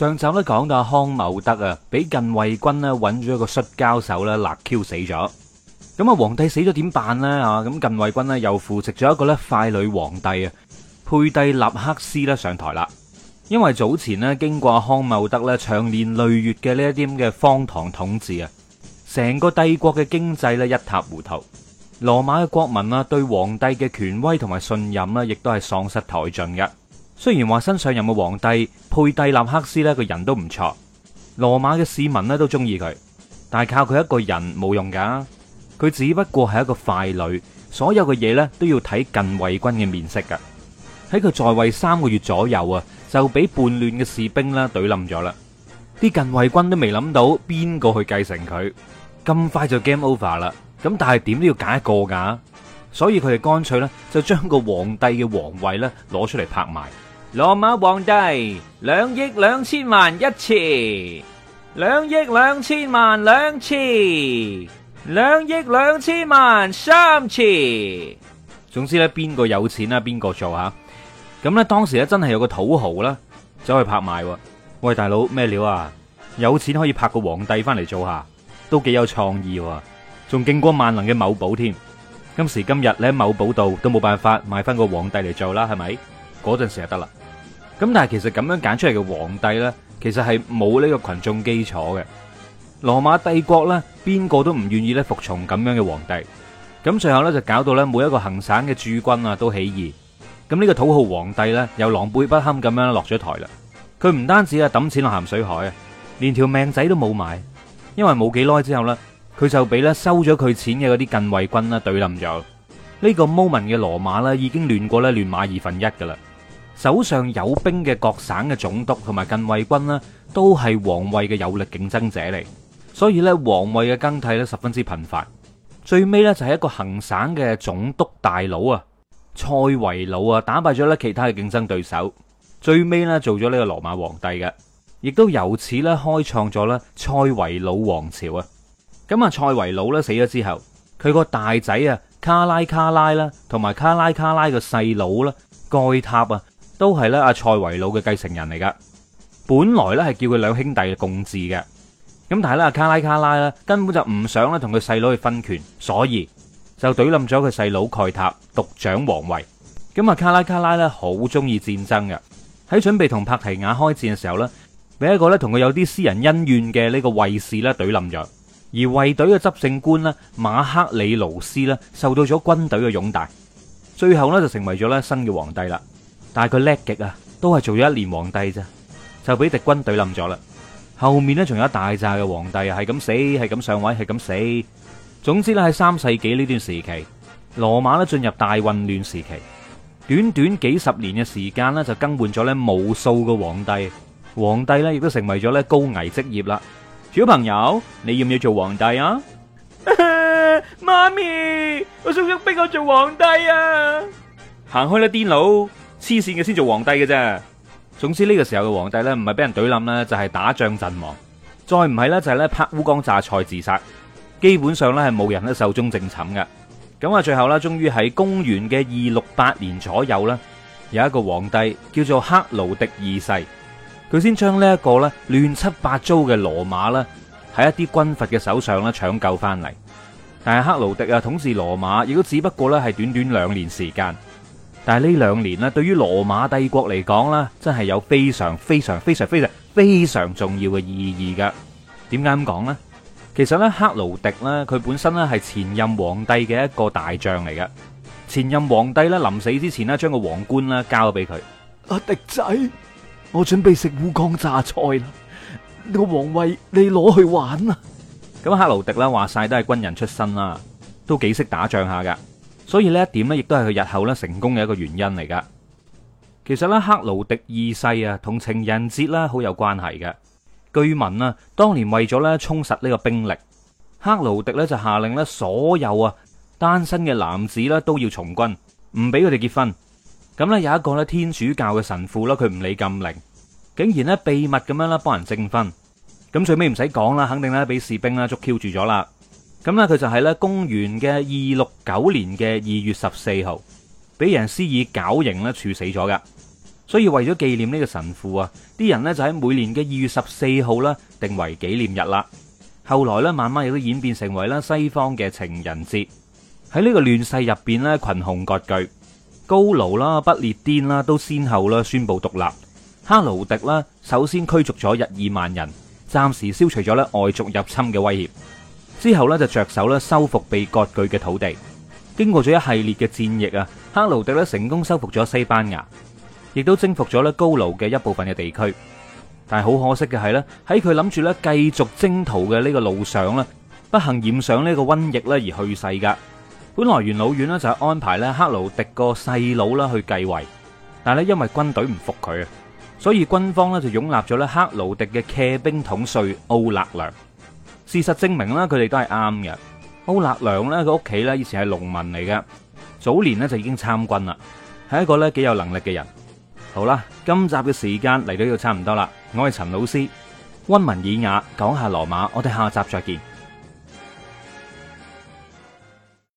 上集咧，講到康茂德啊，俾近衛軍咧揾咗一個摔跤手咧，辣 Q 死咗。咁啊，皇帝死咗點辦呢？啊，咁近衛軍呢，又扶植咗一個咧傀儡皇帝啊，佩蒂納克斯咧上台啦。因為早前咧經過康茂德咧長年累月嘅呢一啲嘅荒唐統治啊，成個帝國嘅經濟咧一塌糊塗，羅馬嘅國民啊，對皇帝嘅權威同埋信任咧亦都係喪失殆盡嘅。雖然話新上任嘅皇帝佩蒂納克斯咧個人都唔錯，羅馬嘅市民咧都中意佢，但係靠佢一個人冇用噶，佢只不過係一個傀儡，所有嘅嘢咧都要睇近衛軍嘅面色噶。喺佢在位三個月左右啊，就俾叛亂嘅士兵咧懟冧咗啦，啲近衛軍都未諗到邊個去繼承佢，咁快就 game over 啦。咁但係點都要揀一個噶，所以佢哋乾脆咧就將個皇帝嘅皇位咧攞出嚟拍賣。羅馬皇帝兩億兩千萬一次，兩億兩千萬兩次，兩億兩千萬三次。總之咧，邊個有錢啊，邊個做吓。咁咧，當時咧真係有個土豪啦，走去拍賣。喂，大佬咩料啊？有錢可以拍個皇帝翻嚟做下，都幾有創意。仲勁過萬能嘅某寶添。今時今日你喺某寶度都冇辦法買翻個皇帝嚟做啦，係咪？嗰陣時就得啦。咁但係其實咁樣揀出嚟嘅皇帝咧，其實係冇呢個群眾基礎嘅。羅馬帝國咧，邊個都唔願意咧服從咁樣嘅皇帝。咁最後咧就搞到咧每一個行省嘅駐軍啊都起義。咁呢個土豪皇帝咧又狼狽不堪咁樣落咗台啦。佢唔單止啊抌錢落鹹水海啊，連條命仔都冇埋。因為冇幾耐之後咧，佢就俾咧收咗佢錢嘅嗰啲近衛軍啦對冧咗。呢個 moment 嘅羅馬咧已經亂過咧亂馬二分一噶啦。手上有兵嘅各省嘅總督同埋近衛軍咧，都係皇位嘅有力競爭者嚟，所以咧皇位嘅更替咧十分之頻繁。最尾咧就係一個行省嘅總督大佬啊，塞維魯啊打敗咗咧其他嘅競爭對手，最尾咧做咗呢個羅馬皇帝嘅，亦都由此咧開創咗咧塞維魯王朝啊。咁啊，塞維魯咧死咗之後，佢個大仔啊卡拉卡拉啦，同埋卡拉卡拉個細佬啦蓋塔啊。都係咧，阿塞維魯嘅繼承人嚟噶。本來咧係叫佢兩兄弟共治嘅，咁但係咧，阿卡拉卡拉咧根本就唔想咧同佢細佬去分權，所以就懟冧咗佢細佬蓋塔獨掌皇位。咁卡拉卡拉咧好中意戰爭嘅，喺準備同帕提亞開戰嘅時候咧，俾一個咧同佢有啲私人恩怨嘅呢個衛士咧懟冧咗，而衛隊嘅執政官呢馬克里勞斯呢受到咗軍隊嘅擁戴，最後呢就成為咗咧新嘅皇帝啦。但係佢叻極啊，都係做咗一年皇帝啫，就俾敵軍隊冧咗啦。後面咧，仲有一大扎嘅皇帝係咁死，係咁上位，係咁死。總之咧，喺三世紀呢段時期，羅馬咧進入大混亂時期。短短幾十年嘅時間咧，就更換咗咧無數個皇帝。皇帝咧亦都成為咗咧高危職業啦。小朋友，你要唔要做皇帝啊？媽咪，我叔叔逼我做皇帝啊！行開啦，癲佬！黐線嘅先做皇帝嘅啫。總之呢個時候嘅皇帝呢，唔係俾人懟冧呢，就係打仗陣亡；再唔係呢，就係呢，拍烏江炸菜自殺。基本上呢，係冇人呢壽終正寢嘅。咁啊，最後呢，終於喺公元嘅二六八年左右呢，有一個皇帝叫做克勞迪二世，佢先將呢一個呢亂七八糟嘅羅馬呢，喺一啲軍閥嘅手上呢搶救翻嚟。但係克勞迪啊統治羅馬，亦都只不過呢，係短短兩年時間。但係呢兩年呢對於羅馬帝國嚟講咧，真係有非常非常非常非常非常重要嘅意義噶。點解咁講呢？其實呢克勞迪呢佢本身呢係前任皇帝嘅一個大將嚟㗎。前任皇帝呢臨死之前呢將個皇冠呢交咗俾佢。阿迪仔，我準備食烏江榨菜啦！呢個皇位你攞去玩啊！咁克勞迪咧話晒都係軍人出身啦，都幾識打仗下噶。所以呢一點呢，亦都係佢日後成功嘅一個原因嚟噶。其實呢，克勞迪二世啊，同情人節啦好有關係嘅。據聞啊，當年為咗呢充實呢個兵力，克勞迪呢就下令呢，所有啊單身嘅男子呢，都要從軍，唔俾佢哋結婚。咁呢，有一個呢天主教嘅神父呢，佢唔理禁令，竟然呢秘密咁樣啦幫人證婚。咁最尾唔使講啦，肯定呢俾士兵呀捉 Q 住咗啦。咁呢，佢就係咧公元嘅二六九年嘅二月十四號，俾人施以絞刑呢處死咗㗎。所以為咗紀念呢個神父啊，啲人呢就喺每年嘅二月十四號呢定為紀念日啦。後來呢，慢慢亦都演變成為啦西方嘅情人節。喺呢個亂世入邊呢，群雄割據，高盧啦、不列顛啦都先後啦宣布獨立。哈羅迪啦，首先驅逐咗日耳曼人，暫時消除咗咧外族入侵嘅威脅。之後呢，就着手咧收復被割據嘅土地，經過咗一系列嘅戰役啊，克勞迪咧成功收復咗西班牙，亦都征服咗咧高盧嘅一部分嘅地區。但係好可惜嘅係咧，喺佢諗住咧繼續征討嘅呢個路上咧，不幸染上呢個瘟疫咧而去世噶。本來元老院咧就係安排咧克勞迪個細佬啦去繼位，但係咧因為軍隊唔服佢，所以軍方咧就擁立咗咧克勞迪嘅騎兵統帥奧勒良。事實證明咧，佢哋都係啱嘅。奧勒良咧，佢屋企咧以前係農民嚟嘅，早年呢就已經參軍啦，係一個咧幾有能力嘅人。好啦，今集嘅時間嚟到呢度差唔多啦。我係陳老師，溫文爾雅講下羅馬，我哋下集再見。